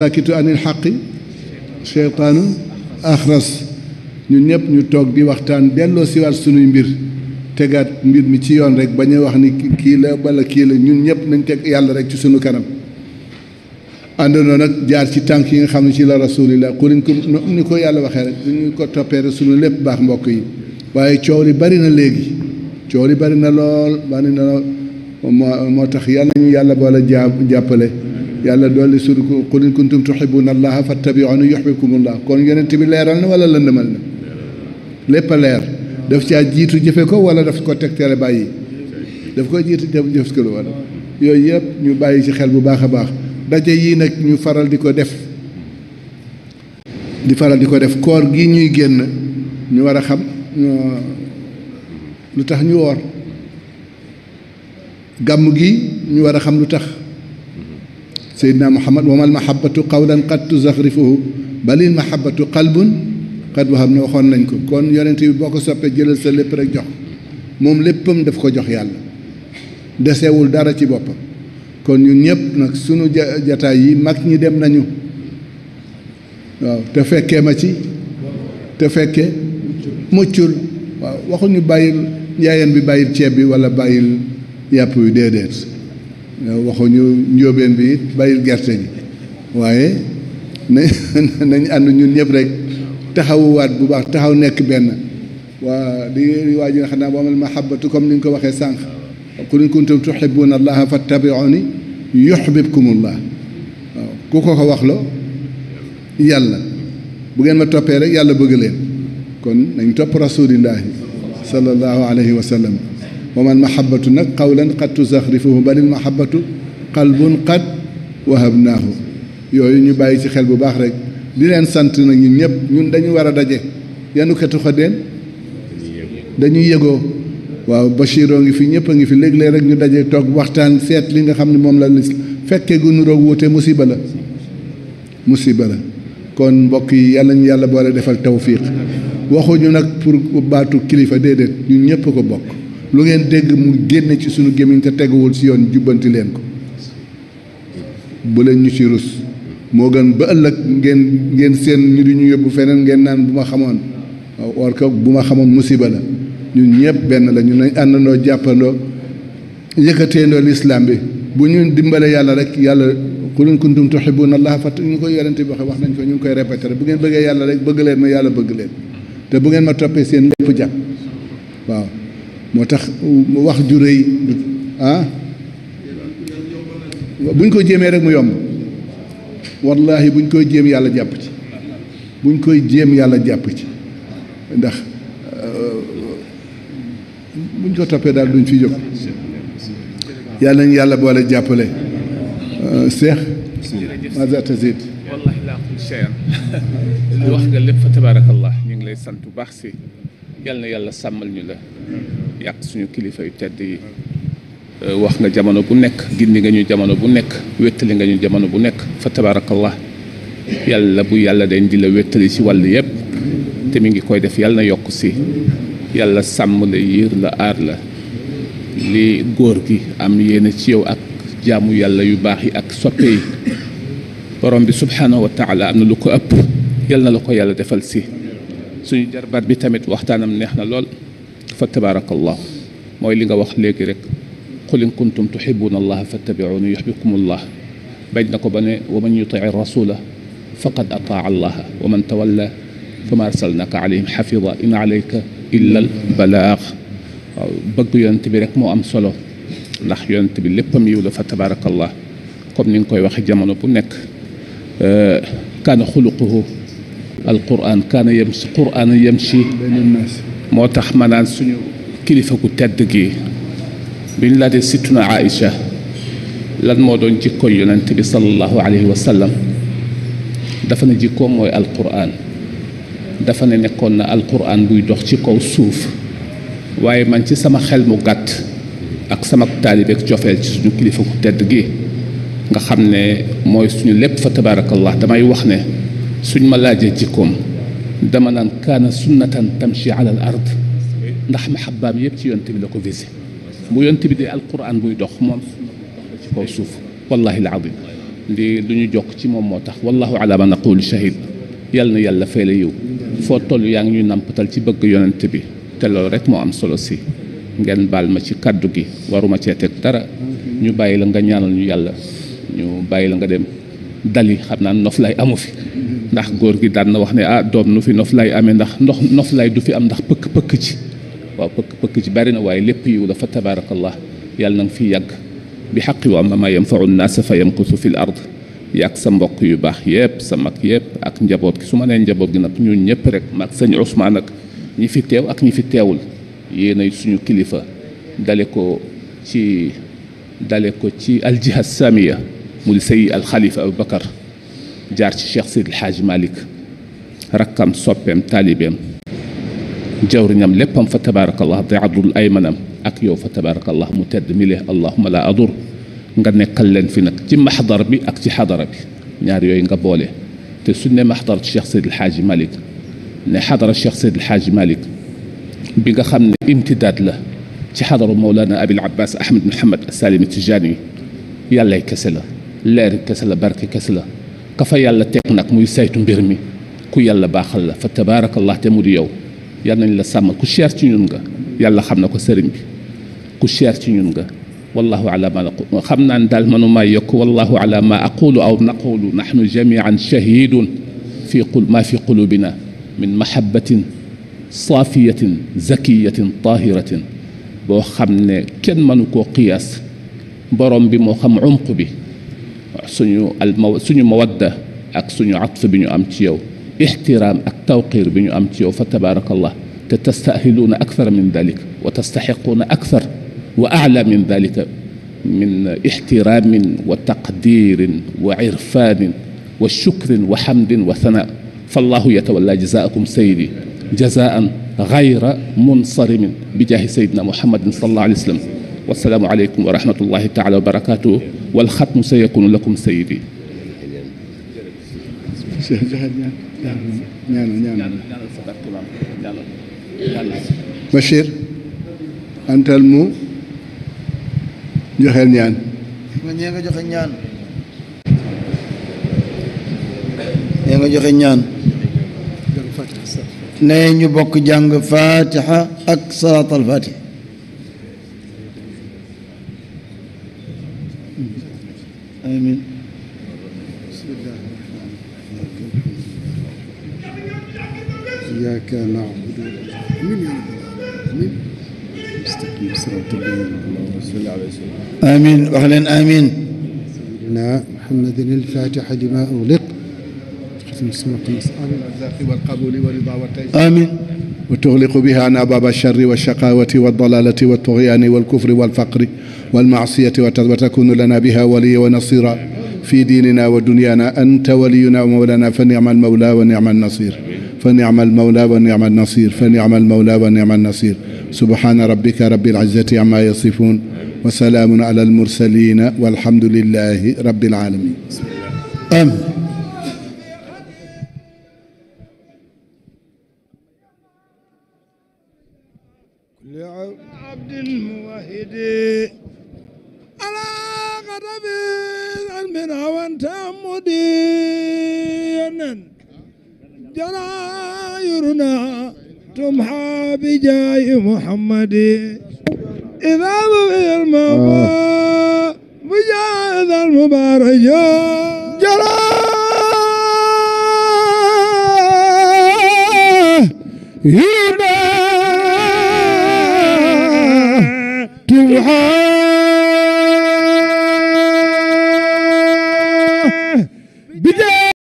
sakitu anil xaqi cheytaanu axras ñun ñëpp ñu toog di waxtaan delloo si siwaat sunuy mbir tegaat mbir mi ci yoon rek ba a wax ni kii la bala kii la ñun ñëpp nañ teg yàlla rek ci sunu kanam àndandoo nag jaar ci tànk yi nga xam ne ci la rasulillah xuriñ ko ni ko yàlla waxee rek duñu ko toppee rek sunu lépp baax mbokk yi waaye coow li bari na léegi coow li bari na lool bari na moo tax yàlla ñu yàlla boole jaa jàppale يالا دول سورك قل ان كنتم تحبون الله فاتبعوني يحبكم الله كون يونت بي ليرال ولا لا نمال ليپ لير داف سي جيتو جيفيكو ولا داف كو تك تيري باي داف كو جيتو داف جيف سكلو ولا يوي ييب ني باي سي خيل بو باخا باخ داجي يي نك ني فارال ديكو ديف دي فارال ديكو ديف كور غي ني ген ني ورا خام لوتاخ ني وور gamu ñu wara xam lu tax سيدنا محمد وما المحبة قولا قد تزخرفه بل المحبة قلب قد وهبنا وخون نانكو كون يورنتي بوكو سوبي جيلل سا ليپ رك جوخ موم ليپم داف كو جوخ يالا دسيول دارا سي بوبا كون ني نيب نك سونو جاتا يي ماك ني ديم نانيو واو تا فكي ماتي تا فكي موتشول بايل نيايان بي بايل تيبي ولا بايل يابوي ديدت waxuñu njóobeen bi bàyyil gerte ji waaye na nañ ànd ñun ñëpp rek waat bu baax taxaw nekk benn waa di waa ji nga xam naa boo ma xàbbatu comme ni nga ko waxee sànq qul in kuntum tuhibbuna allaha fattabi'uni yuhbibkumullah waaw ku ko ko wax la yàlla bu ngeen ma toppee rek yàlla bëgg leen kon nañ topp rasulillahi sallallahu alayhi wa وما المحبة نك قولا قد تزخرفه بل المحبة قلب قد وهبناه يوي ني باي سي خيل بو باخ رك دي لين سانت نا ني نيب نون داني ورا داجي يانو كاتو خدين داني ييغو واو بشيرو غي في نيب غي في ليغ لي رك ني داجي توك وقتان سيت ليغا خامني موم لا ليس فكي غو نورو ووتي مصيبه لا مصيبه لا كون مبوك يالا ني يالا بولا ديفال توفيق واخو ني نك بور باتو كليفه ديدت ني نيب كو بوك lu ngeen dégg mu génne ci suñu gémmiñ te teguwul si yoon jubbanti leen ko bu leen ñu ci rus moo gën ba ëllëg ngeen ngeen seen ñu di ñu yóbbu feneen ngeen naan bu ma xamoon war ko bu ma xamoon musiba la ñun ñëpp benn la ñu nañ àndandoo jàppandoo yëkkateendoo lislaam bi bu ñu dimbale yàlla rek yàlla qul in kuntum tuhibbuna allah fa ñu koy yonente bi waxe wax nañ ko ñu ngi koy répété bu ngeen bëggee yàlla rek bëgg leen ma yàlla bëgg leen te bu ngeen ma toppee seen moo tax wax ju rëy ah buñ ko jéemee rek mu yomb wallahi buñ koy jéem yàlla jàpp ci buñ koy jéem yàlla jàpp ci ndax euh, buñ ko toppee daal duñ fi jóg yàlla nañ yàlla boole jàppale seex euh, maza tazid wallahi laa wax nga lépp fa tabarakallah ñu ngi lay sant bu baax si يالنا يالا سامل نيو لا ياك سونو كليفا يو تيد يي واخنا جامانو بو نيك گيندي غا نيو جامانو بو نيك ويتلي غا نيو جامانو بو نيك فتبارك الله يالا بو يالا داي ندي لا ويتلي سي وال ييب تي ميغي كوي ديف يالنا يوك سي يالا سامل يير لا ار لا لي غورغي ام يينا اك جامو يالا يو اك سوبي بروم سبحانه وتعالى ان لوكو اب يالنا لوكو يالا ديفال suñu jarbaat bi tamit waxtaanam neex na lool fa tabaarakallahu mooy li nga wax léegi rek qul in kuntum tuhibbuna allaha fattabi'uni yuhibbukum allah bañ na ko ba ne wa man yuti'i rasula faqad ataa allaha wa man tawalla fama arsalnaka alayhim xafida in alayka illa al balaag waaw bëgg yonent bi rek moo am solo ndax yonent bi léppam yiw la fa tabaarakallah comme ni nga koy waxe jamono bu nekk kaana xuluquhu alquran kaana yem si quran yem si moo tax ma naan suñu kilifa ku tedd gi bi ñu laajee sittuna Aïcha lan moo doon jikko yonent bi sallallahu alayhi wa sallam dafa ne jikkoom mooy alquran dafa ne nekkoon na alquran buy dox ci kaw suuf waaye man ci sama xel mu gàtt ak sama taalibeeg jofeel ci suñu kilifa ku tedd gi nga xam ne mooy suñu lépp fa tabaarakallah damay wax ne سن ملاجي تيكوم دمنا كان سنة تمشي على الأرض نح محبة يبتي ينتم لكو فيزي مو ينتم دي القرآن بو يدوخ مون كوسوف والله العظيم لي دوني جوك تي مون موتاخ والله على ما نقول شهيد يلنا يلا فيليو فوتول يانغ ني نامبتال تي بك يونتي تلو ريك مو ام سولو سي نغن بال ما سي كادو غي واروما تي تك دارا ني بايل dali xamna xam naa amu fi ndax góor gi dan na wax ne ah dom nu fi noflaay amé ndax ndox noflaay du fi am ndax pëkk pëkk ci wa pëkk pëkk ci bari na way lépp yu dafa fa tabaarakallah yàlla fi yag bi haqqi wa ma yanfau an-nas fa yanqusu fi ard yak sa mbokk yu bax yëpp sa mag yëpp ak njaboot gi su ma nee njaboot gi nag ñun ñëpp rek mag sëñ Ousmane ak ñi fi teew ak ñi fi teewul yéenay suñu kilifa dale ko ci dale ko ci aljiha samiya mu di sëy alxalifa abubakar jaar ci cheikh sidil xaaj malik rakkam soppeem taalibeem jawriñam léppam fa tabaarakallah di adul ay manam ak yow fa tabaarakallah adur nga nekkal leen fi nag ci maxdar bi ak ci xadara bi ñaar yooyu nga boole te suñ ne maxdar cheikh sidil xaaj malik ne xadara cheikh sidil xaaj malik bi nga xam ne imtidaad la ci xadaru mawlana abil abbas ahmed muhammad asalimi tijaani yàllay kese la leeri kese la barke kese la ka fa yàlla teg nag muy saytu mbir mi ku yàlla baaxal la fa tabaarakallah te mu di yow yal nañ la sàmmal ku cher ci ñun nga yàlla xam na ko sëriñ bi ku cher ci ñun nga wallahu ala ma naqulu xam naa ne daal mënu maa yokk wallahu ala ma aqulu aw naqulu nahnu jamian shahidun fi qul ma fi qulubina min mahabatin saafiyatin zakiyatin tahiratin boo xam ne kenn mënu koo qiyaas borom bi moo xam umq bi سنو المو... سنو مودة أك سنو عطف بن أمتيو احترام أك توقير بن أمتيو فتبارك الله تستأهلون أكثر من ذلك وتستحقون أكثر وأعلى من ذلك من احترام وتقدير وعرفان وشكر وحمد وثناء فالله يتولى جزاءكم سيدي جزاء غير منصرم بجاه سيدنا محمد صلى الله عليه وسلم والسلام عليكم ورحمة الله تعالى وبركاته والختم سيكون لكم سيدي بشير أنت المو جهل نيان نيان نيان ñaan نيان نيان bokk نيان نيان ak نيان نيان fatiha إياك نعبد آمين يا رب العالمين صراط الذين آمين أهلا آمين سيدنا محمد الفاتح لما أغلق ختم السماء آمين والقبول والرضا والتيسير آمين وتغلق بها أنا باب الشر والشقاوة والضلالة والطغيان والكفر والفقر والمعصية وتكون لنا بها وليا ونصيرا في ديننا ودنيانا أنت ولينا ومولانا فنعم المولى ونعم النصير فنعم المولى ونعم النصير فنعم المولى ونعم النصير سبحان ربك رب العزة عما يصفون وسلام على المرسلين والحمد لله رب العالمين أم عبد الموحد على غضب من وانت مدين جرايرنا تمحى بجاي محمد إذا مبي الماما بجاي ذا المبارك جرايرنا تمحى